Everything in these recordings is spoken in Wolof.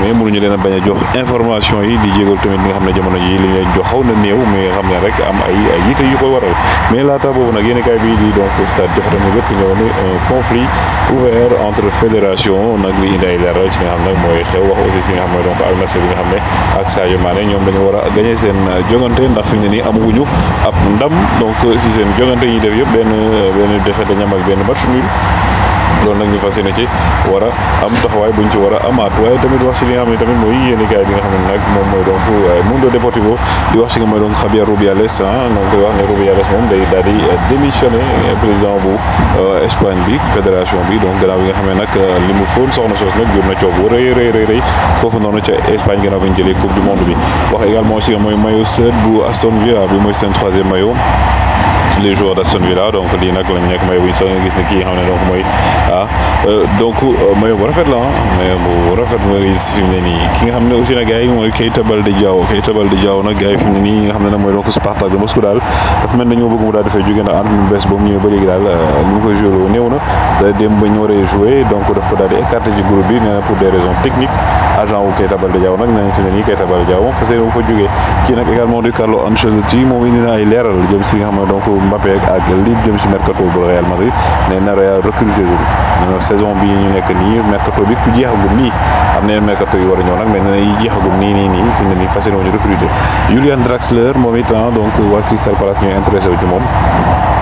mais mënuñu leen a bañ a jox information yi di jégal tamit nga xam ne jamono ji li ñu leen xaw na néew mais xam ne rek am ay ay yitte koy waral mais laata boobu nag yéen kaay bi di donc stade jox tamit rek ñëw entre fédération nag li indi ay xam ne mooy xew wax aussi si nga xam ne donc Al Nassr xam ne ak ñoom dañu war a gagné seen jongante ndax fi mu ne nii amaguñu ab ndam donc si seen jongante yi def yëpp benn defee défaite dañu ak benn match nul loolu nag ñu fas yéene ci war a am taxawaay buñ ci war a amaat waaye tamit wax ci li nga xam ne tamit mooy yéenekaay bi nga xam ne nag moom mooy donc euh, Mundo Deportivo di wax ci nga mooy donc Javier Rubiales ah donc koy wax day daal di euh, démissionné euh, président bu Espagne bi fédération bi donc gannaaw bi nga xam ne nag li mu fóon soxna soos nag jur na coow bu rëy foofu noonu ca Espagne gannaaw bi ñu coupe du monde bi wax également aussi mooy maillot seul bu Aston Villa bi mooy seen troisième maillot les joueurs d'Aston Villa donc lii nag lañ nekk mayo bu ñu sax nga gis ne kii ah, euh, euh, mooy bu rafet la ah, mayo bu rafet nga ki nga xam ne aussi nag gars yi mooy Keita Baldé Diao mooy donc Spartak na te euh, dem ba ñu waree joué donc daf ko daal di écarté ci groupe bi nee na pour des raisons techniques agent wu Keita Baldé Diao nag nee nañ fi mu ne nii Keita Baldé Diao moom fas yéene fa jógee kii nag également du Carlo Ancelotti moom indi ay leeral jëm si nga xam ne donc Mbappé ak li jëm si mercato bu Real Madrid nee na Real recruter wu ñu saison bi ñu nekk nii mercato bi ku jeexagum nii am na yeneen mercato yu war a ñëw nag mais nee na yi jeexagum nii nii nii fi mu ne nii fas yéene wu ñu recruter Julian Draxler moom itam ah, donc waa Crystal Palace ñooy intéressé wu ci moom.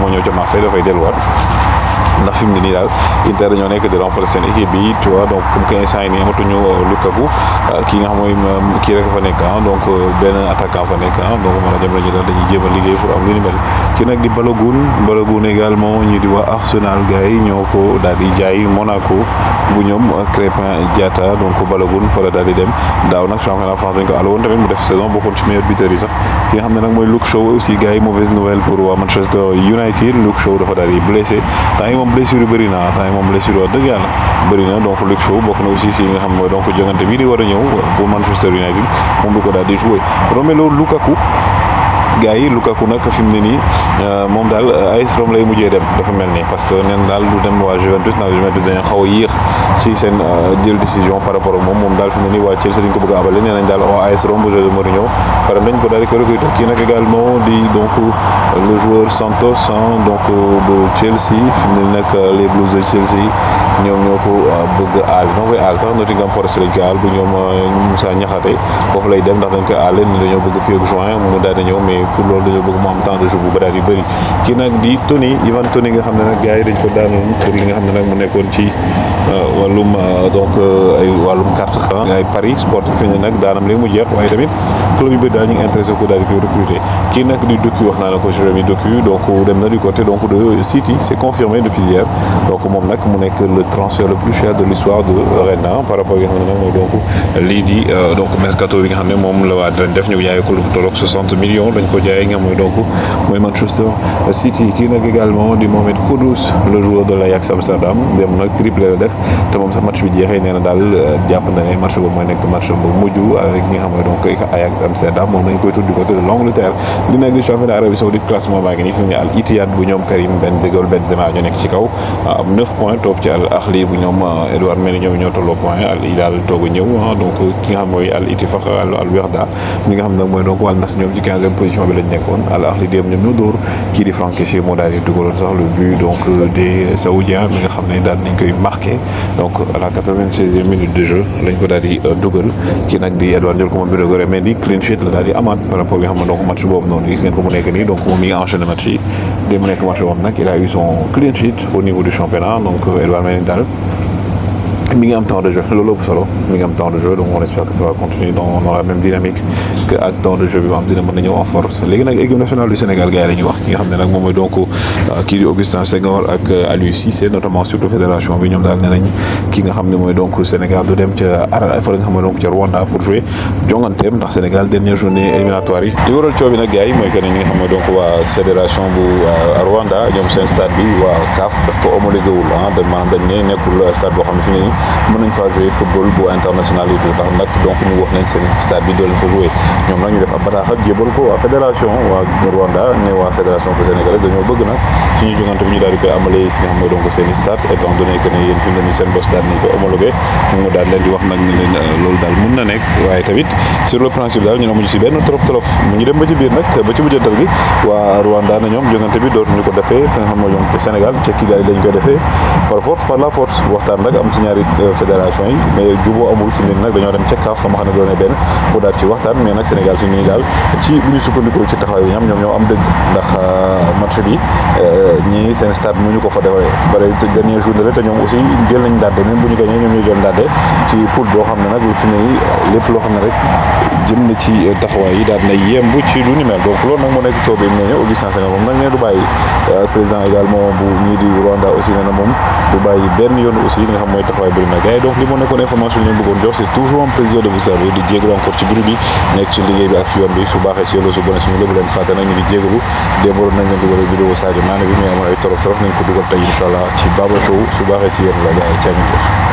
Muñoz que rey de lugar. ndax fi mu ne nii daal Inter dañoo nekk di renforcer seen équipe bi donc comme que instant euh, euh, nga xam mooy euh, kii rek fa nekk ah donc benn attaquant fa nekk ah donc maanaam jamono ji daal dañuy jéem a liggéey pour am lu ni mel kii nag di Balogun Balogun également ñi di waa Arsenal gars yi ñoo ko daal di jaay Monaco bu ñoom Crépin Diatta donc Balogun fa la daal di dem daaw nag championnat France dañ def saison bokkoon ci meilleur buteur yi sax ki nga xam ne nag mooy Luke Shaw aussi gars mauvaise nouvelle pour Manchester United Luke Shaw dafa daal di blessé temps moom blessure yu bëri na temps moom blessure wax dëgg yàlla bëri na donc Luke Shaw bokk na aussi si nga xam mooy donc jongante bii di war a ñëw pour Manchester United moom du ko daal di joué Romelu Lukaku gars yi Lukaku nag fi mu ne nii euh, moom daal AS Rome lay mujjee dem dafa mel nii parce que neen daal du dem waa Juventus ndax Juventus dañu xaw a yéex ci seen euh, jël décision par rapport au moom moom daal fi mu ne Chelsea dañ ko bëgg a abale nee nañ daal waa AS Rome bu José Mourinho par nañ ko daal di ko recruter kii nag également di donc euh, le joueur Santos hein, donc euh, de Chelsea fi nak les Blues de Chelsea ñom ñoko ko bëgg aal ñoo koy aal sax Nottingham Forest lañ koy aal bu ñoom Moussa Niakhaté foofu lay dem ndax dañ ko aal ni dañoo bëgg fii ak juin mu dal dañu ñëw mais pour lolu dañoo bëgg mo am temps de jeu bu bëri yu bari kii nak di Tony Ivan Tony nga xamné ne gaay dañ ko daanoon pour li nga xamné nak mu nekkoon ci euh wàllum euh, donc euh, ay wàllum carte ay paris sportif fi nak nag daanam li mu jeex waye tamit club yu bëri daal ñu intéressé ko dal di koy recruter kii nag di Doku wax na la ko Jérémy Doku donc dem na du côté donc de City c'est confirmé depuis hier donc mom nak mu nekk le transfert le plus cher de l'histoire de Rennes par rapport yi nga donc li di euh, donc mercato bi nga xam mom moom la waa def ñu jaay ko lu 60 millions dañ ko jaay nga moy donc moy Manchester City ki nak également di Mohamed Kudus le joueur de l'Ajax Amsterdam dem nak triplé la def moom sax match bi jeexee nee na daal euh, na match boobu mooy match avec nga xam ne donc Ajax nañ koy du côté de l'Angleterre li nekk di Arabie Saoudite classement baa ngi nii fi mu Al bu ñoom Karim Benzema ñu ci kaw 9 points toog ci Al Ahli bu euh, ñoo Al Hilal ah, donc il nga xam Al Il Al Werda nga ci 15e position bi lañ nekkoon Al Ahli dem ñoom ñoo kii di Franck Kessié moo le but donc euh, des saoudiens donc à la 96e minute de jeu lañ ko daal di euh, dugal kii di Edouard Ndiol ko moom biir mais di clean sheet la daal di par rapport à nga xam ne donc match boobu noonu gis ngeen ko mu nekk nii donc moom mi ngi enchaîné match yi dé mu match boobu nak il a eu son clean sheet au niveau du championnat donc Edouard Mendy mi ngi am temps de jeu temps de jeu donc on espère que ça va continuer dans la même dynamique que temps de jeu on a en force Les nationale du Sénégal gars yi été wax ki nga euh, Senghor euh, notamment surtout fédération bi daal ki nga Sénégal du dem Rwanda pour jouer Sénégal dernière journée éliminatoire yi y bi gars yi que fédération euh, Rwanda stade bi CAF qui wul ah, mën nañ faa jouer football bu international et tout ndax nag donc ñu wax nañ seen stade bi doo leen fa jouer ñoom nag ñu def ab bataaxal jébal ko waa fédération waa Rwanda ne waa fédération bu sénégalaise dañoo bëgg nag suñu jongante bi ñu daal di koy amalee si nga xam ne donc seen stade étant donné que ne yéen fi mu ne nii seen bos daal nañ ko homologué ñu daal leen di wax nag ne leen euh, loolu daal mun na nekk waaye tamit sur le principe daal ñu ne mu ci benn tolof tolof mu ngi dem ba ci biir nag ba ci mujjantal gi waa Rwanda ne ñoom jongante bi dootuñu ko defee fi nga xam ne donc Sénégal ca Kigali lañ koy defee par force par la force waxtaan nag am ci ñaari fédération yi mais juboo amul fi mu ne nag dañoo dem ca CAF fa ma xam ne doone benn pour daal ci waxtaan mais nag Sénégal fi mu ne daal ci bu ñu sukkandikoo ci taxawaay bi ñam ñoom ñoo am dëgg ndax euh, match bi euh, ñii seen stade mu ñu ko fa defee bare te dernier journée la te ñoom aussi jël nañ daande même bu ñu gagné ñoom ñoo jël daande ci poule boo xam ne nag fi mu ne lépp loo xam ne rek jëm na ci euh, taxawaay yi daal na yemb ci lu ni mel donc loolu nag moo nekk coow bi mu ne Augustin Senghor moom nag nee du bàyyi euh, président également bu ñii di Rwanda aussi na nga xam mooy taxawaay bëri na gars di jégalu encore ci biir ñu ngi jégalu démbaloon nañ leen dugal bi muy amoon ay torof torof nañ ko dugal tey incha ci Baba Show su baaxee si yéen la gars yi caa ngeen def